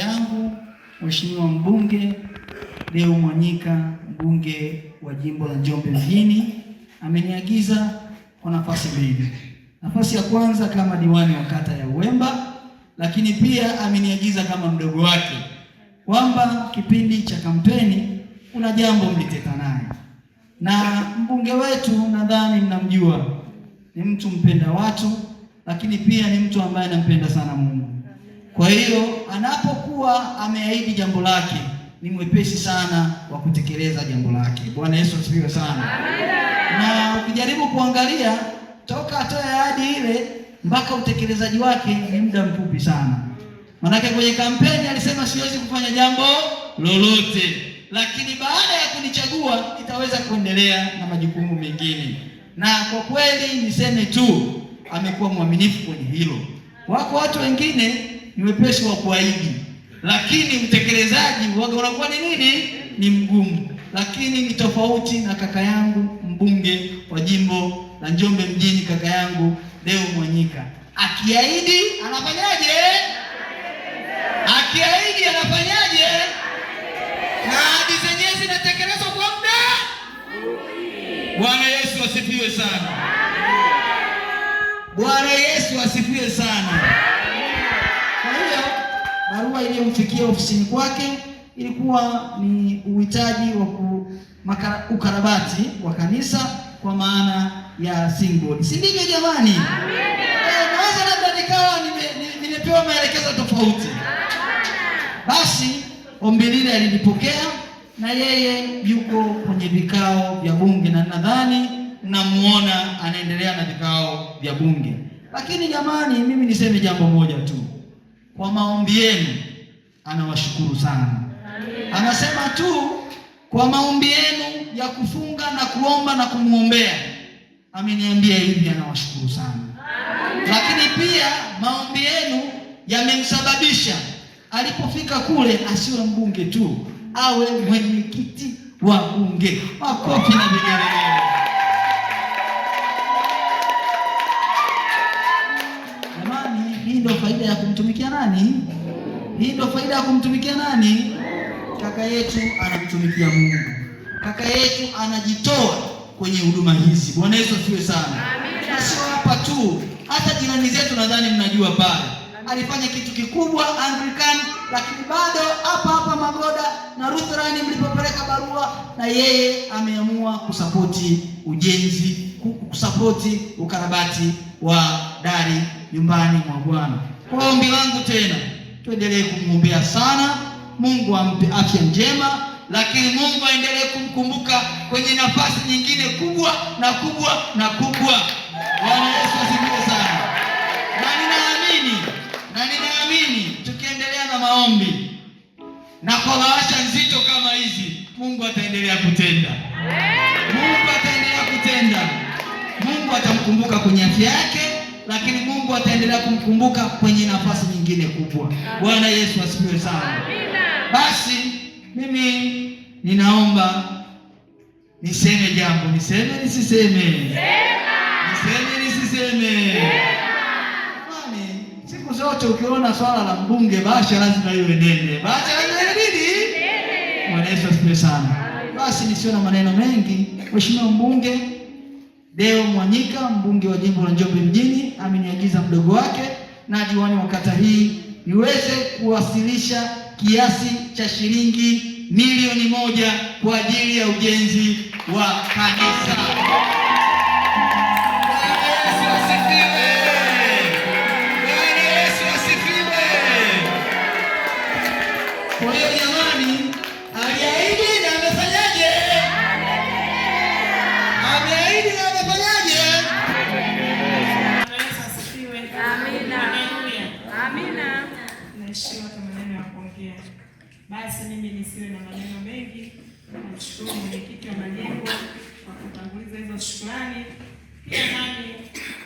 yangu Mheshimiwa mbunge Deo Mwanyika, mbunge wa jimbo la Njombe Mjini, ameniagiza kwa nafasi mbili. Nafasi ya kwanza kama diwani wa kata ya Uwemba, lakini pia ameniagiza kama mdogo wake kwamba kipindi cha kampeni kuna jambo mliteta naye, na mbunge wetu nadhani mnamjua, ni mtu mpenda watu, lakini pia ni mtu ambaye anampenda sana Mungu kwa hiyo anapokuwa ameahidi jambo lake ni mwepesi sana wa kutekeleza jambo lake. Bwana Yesu asifiwe sana. Amina. Na ukijaribu kuangalia toka atoe ahadi ile mpaka utekelezaji wake ni muda mfupi sana, manake kwenye kampeni alisema siwezi kufanya jambo lolote, lakini baada ya kunichagua itaweza kuendelea na majukumu mengine. Na kwa kweli niseme tu amekuwa mwaminifu kwenye hilo. Wako watu wengine ni wepesi wa kuahidi, lakini mtekelezaji wake unakuwa ni nini? Ni mgumu. Lakini ni tofauti na kaka yangu mbunge wa jimbo la Njombe mjini, kaka yangu Deo Mwanyika, akiahidi anafanyaje? Akiahidi anafanyaje? Na ahadi zenyewe zinatekelezwa kwa muda. Bwana Yesu asifiwe sana. Bwana Yesu asifiwe sana iliyomfikia ofisini kwake ilikuwa ni uhitaji wa ukarabati wa kanisa kwa maana ya single, si ndivyo jamani? Eh, naweza labda nikawa nimepewa maelekezo tofauti. Basi ombi lile alilipokea na yeye yuko kwenye vikao vya bunge, na nadhani namuona anaendelea na vikao vya bunge. Lakini jamani, mimi niseme jambo moja tu kwa maombi yenu anawashukuru sana. Anasema tu kwa maombi yenu ya kufunga na kuomba na kumwombea, ameniambia hivi, anawashukuru sana. Lakini pia maombi yenu yamemsababisha alipofika kule asiwe mbunge tu, awe mwenyekiti wa bunge. Makofi na vigelegele. Jamani, hii ndio faida ya kumtumikia nani? Hii ndio faida ya kumtumikia nani? Kaka yetu anamtumikia Mungu, kaka yetu anajitoa kwenye huduma hizi. Bwana Yesu asifiwe sana. Sio hapa tu, hata jirani zetu nadhani mnajua pale alifanya kitu kikubwa Anglican, lakini bado hapa hapa Magoda na Lutheran mlipopeleka barua, na yeye ameamua kusapoti ujenzi, kusapoti ukarabati wa dari nyumbani mwa Bwana. Kwa ombi langu tena tuendelee kumwombea sana, Mungu ampe afya njema, lakini Mungu aendelee kumkumbuka kwenye nafasi nyingine kubwa na kubwa na kubwa. Bwana Yesu asifiwe sana, na ninaamini na ninaamini tukiendelea na maombi na kwa bahasha nzito kama hizi, Mungu ataendelea kutenda, Mungu ataendelea kutenda, Mungu atamkumbuka kwenye afya yake, lakini Mungu ataendelea kumkumbuka kwenye nafasi nyingine kubwa. Bwana Yesu asifiwe sana. Basi mimi ninaomba niseme jambo, niseme nisiseme, niseme nisiseme. Kwani siku zote ukiona swala la mbunge, basha lazima iwe nene, basha lazima iwe nini? Bwana Yesu asifiwe sana. Basi nisio na maneno mengi, Mheshimiwa Mbunge Deo Mwanyika, mbunge wa jimbo la Njombe mjini, ameniagiza mdogo wake na diwani wa kata hii niweze kuwasilisha kiasi cha shilingi milioni moja kwa ajili ya ujenzi wa kanisa. Basi mimi nisiwe na maneno mengi, namshukuru mwenyekiti wa majengo kwa kutanguliza hizo shukrani, pia nami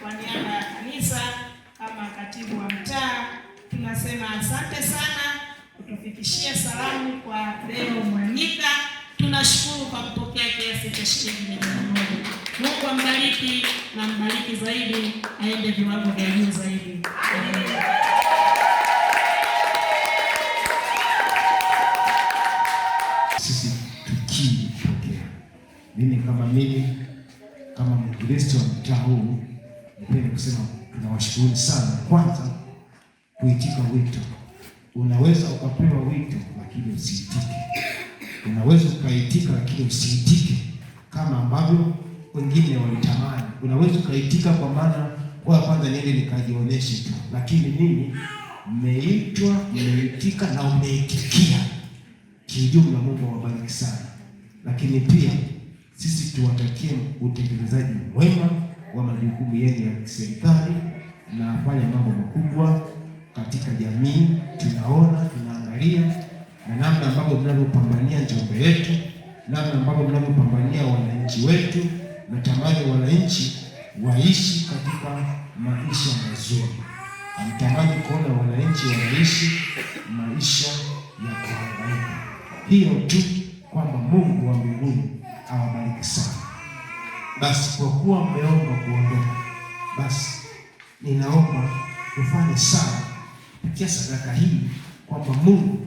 kwa niaba ya kanisa kama katibu wa mtaa tunasema asante sana kutufikishia salamu kwa leo Mwanika. Tunashukuru kwa kupokea kiasi cha shilingi milioni moja. Mungu ambariki na mbariki zaidi, aende viwango vya juu zaidi. kama Mkristo mtaa huu, nipende kusema nawashukuru sana. Kwanza kuitika wito. Unaweza ukapewa wito lakini usiitike, unaweza ukaitika lakini usiitike kama ambavyo wengine walitamani. Unaweza ukaitika kwa maana kwa kwanza niende nikajionyeshe tu, lakini nini, mmeitwa, mmeitika na umeitikia. Kiujumla, Mungu awabariki sana, lakini pia sisi tuwatakie utekelezaji mwema wa majukumu yenu ya kiserikali, mnafanya mambo makubwa katika jamii, tunaona tunaangalia, na namna ambavyo mnavyopambania Njombe yetu, namna ambavyo mnavyopambania wananchi wetu. Natamani wananchi waishi katika maisha mazuri, amtamani kuona wananchi wanaishi maisha ya kuhangaika. Hiyo tu kwamba Mungu wa mbinguni awabariki sana. Basi kwa kuwa mmeomba kuondoka, basi ninaomba tufanye sana kupitia sadaka hii kwamba Mungu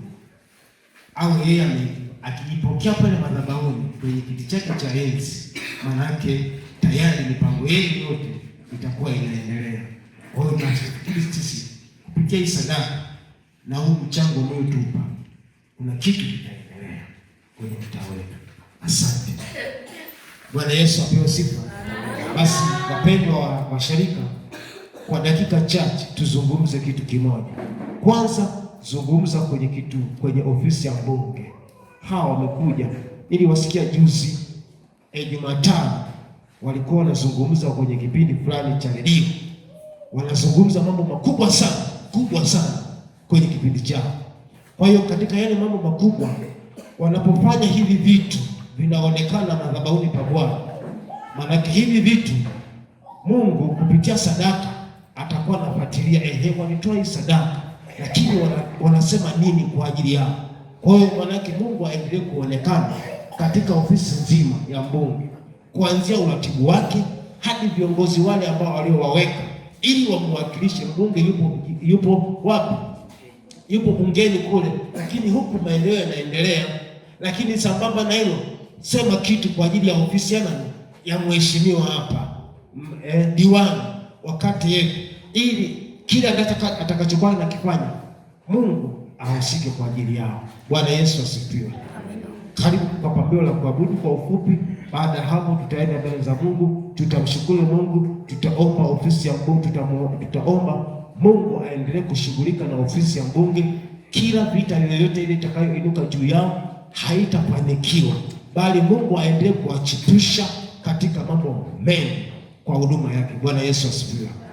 au yeye akijipokea pale madhabahuni kwenye kiti chake cha enzi, manake tayari mipango yenu yote itakuwa inaendelea. Kwa hiyo sisi kupitia hii sadaka na huu mchango unaotupa kuna kitu kitaendelea kwenye mtaa wetu. Asante Bwana Yesu apewe sifa. Basi wapendwa wa washirika kwa dakika chache tuzungumze kitu kimoja. Kwanza zungumza kwenye kitu kwenye ofisi ya mbunge. Hawa wamekuja ili wasikia, juzi eh, Jumatano walikuwa wanazungumza kwenye kipindi fulani cha redio, wanazungumza mambo makubwa sana kubwa sana kwenye kipindi chao. Kwa hiyo katika yale mambo makubwa wanapofanya hivi vitu vinaonekana madhabahuni pa Bwana. Maanake hivi vitu Mungu kupitia sadaka atakuwa anafuatilia, ehe, walitoa hii sadaka, lakini wanasema nini kwa ajili yao? Kwa hiyo maanake Mungu aendelee kuonekana katika ofisi nzima ya mbunge, kuanzia uratibu wake hadi viongozi wale ambao waliowaweka ili wamwakilishe mbunge. Yupo yupo wapi? Yupo bungeni kule, lakini huku maendeleo yanaendelea, lakini sambamba na hilo sema kitu kwa ajili ya ofisi ya nani, ya mheshimiwa hapa eh, diwani wakati yeye, ili kila atakachokuwa anakifanya Mungu ahusike kwa ajili yao. Bwana Yesu asifiwe. Karibu kwa pambio la kuabudu kwa ufupi. Baada ya hapo, tutaenda mbele za Mungu, tutamshukuru Mungu, tutaomba ofisi ya mbunge, tutaomba Mungu aendelee kushughulika na ofisi ya mbunge. Kila vita lolote ile itakayoinuka juu yao haitafanikiwa bali Mungu aendelee kuwachitusha katika mambo mengi kwa huduma yake. Bwana Yesu asifiwe.